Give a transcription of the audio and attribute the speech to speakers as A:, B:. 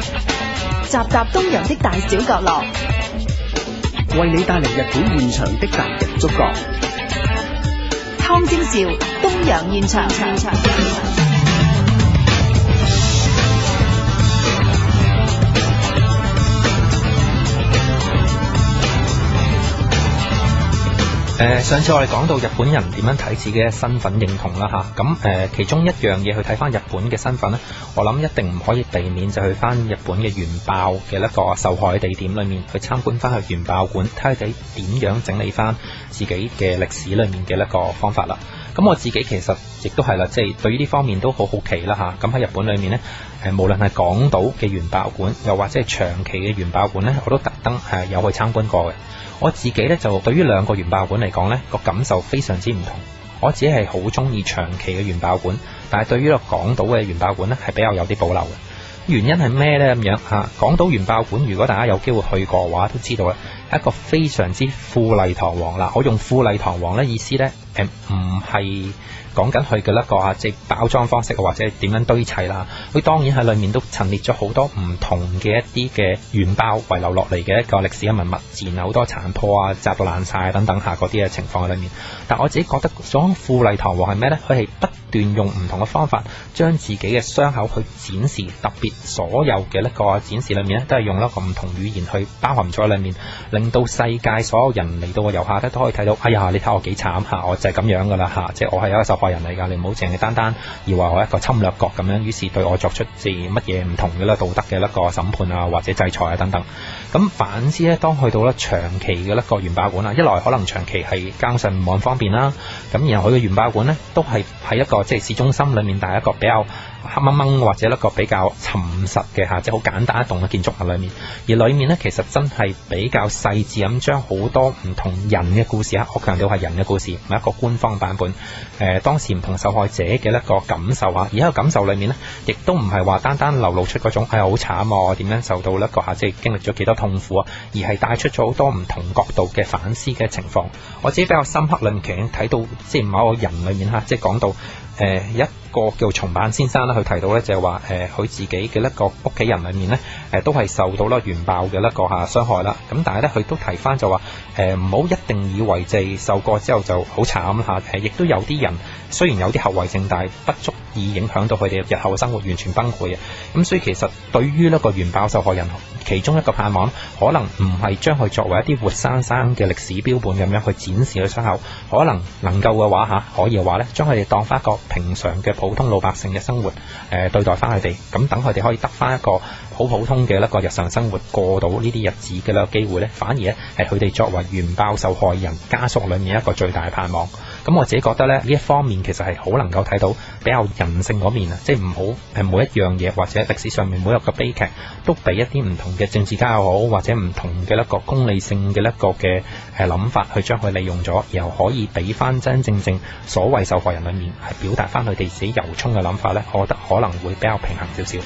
A: 集集東洋的大小角落，為你帶嚟日本現場的個人觸角。湯禎兆，東洋現場。誒上次我哋講到日本人點樣睇自己嘅身份認同啦嚇，咁誒其中一樣嘢去睇翻日本嘅身份咧，我諗一定唔可以避免就去翻日本嘅原爆嘅一個受害地點裡面去參觀翻佢原爆館，睇下佢點樣整理翻自己嘅歷史裡面嘅一個方法啦。咁我自己其實亦都係啦，即係對於呢方面都好好奇啦嚇。咁喺日本裡面咧，誒無論係廣島嘅原爆館，又或者係長崎嘅原爆館咧，我都特登係有去參觀過嘅。我自己咧就對於兩個原爆館嚟講呢個感受非常之唔同。我自己係好中意長崎嘅原爆館，但係對於個廣島嘅原爆館呢，係比較有啲保留嘅。原因係咩呢？咁樣吓？廣島原爆館如果大家有機會去過嘅話都知道啦，一個非常之富麗堂皇啦。啊，我用富麗堂皇呢意思呢。唔係講緊佢嘅一個啊，即係包裝方式或者點樣堆砌啦。佢當然喺裡面都陳列咗好多唔同嘅一啲嘅原爆遺留落嚟嘅一個歷史嘅文物，自然好多殘破啊、砸到爛晒等等下嗰啲嘅情況喺裡面。但我自己覺得，所謂富麗堂皇係咩呢？佢係不斷用唔同嘅方法，將自己嘅傷口去展示。特別所有嘅一個展示裡面咧，都係用一個唔同語言去包含咗在裡面，令到世界所有人嚟到嘅遊客咧都可以睇到。哎呀，你睇我幾慘嚇，我～係咁樣噶啦吓，即係我係一個受害人嚟㗎，你唔好淨係單單而話我一個侵略國咁樣，於是對我作出自乜嘢唔同嘅啦，道德嘅一個審判啊，或者制裁啊等等。咁反之咧，當去到咧長期嘅一、這個原爆館啦，一來可能長期係膠順唔方便啦，咁然後佢嘅原爆館咧都係喺一個即係市中心裡面，但係一個比較。黑掹掹或者一個比較沉實嘅吓，即係好簡單一棟嘅建築物裏面而裏面咧，其實真係比較細緻咁將好多唔同人嘅故事啊。我強調係人嘅故事，唔係一個官方版本。誒、呃，當時唔同受害者嘅一個感受啊。而喺個感受裏面咧，亦都唔係話單單流露出嗰種係好慘啊，點樣受到咧個吓，即係經歷咗幾多痛苦啊。而係帶出咗好多唔同角度嘅反思嘅情況。我自己比較深刻裡面，其實睇到即係某一個人裏面吓，即係講到誒、呃、一個叫松板先生啦。佢提到咧就係話誒，佢自己嘅一個屋企人裏面咧誒，都係受到啦原爆嘅一個吓傷害啦，咁但係咧佢都提翻就話，誒，唔好一定以為自己受過之後就好慘吓，誒，亦都有啲人雖然有啲後遺症，但係不足。以影響到佢哋日後生活完全崩潰啊！咁、嗯、所以其實對於一個原爆受害人，其中一個盼望可能唔係將佢作為一啲活生生嘅歷史標本咁樣去展示佢傷口，可能能夠嘅話嚇、啊，可以嘅話咧，將佢哋當翻一個平常嘅普通老百姓嘅生活，誒、呃、對待翻佢哋，咁等佢哋可以得翻一個好普通嘅一個日常生活過到呢啲日子嘅呢個機會咧，反而咧係佢哋作為原爆受害人家屬裏面一個最大嘅盼望。咁我自己覺得咧，呢一方面其實係好能夠睇到比較人性嗰面啊，即係唔好係每一樣嘢或者歷史上面每一個悲劇，都俾一啲唔同嘅政治家又好，或者唔同嘅一個功利性嘅一個嘅誒諗法去將佢利用咗，又可以俾翻真真正正所謂受害人裏面，係表達翻佢哋自己由衷嘅諗法呢，我覺得可能會比較平衡少少。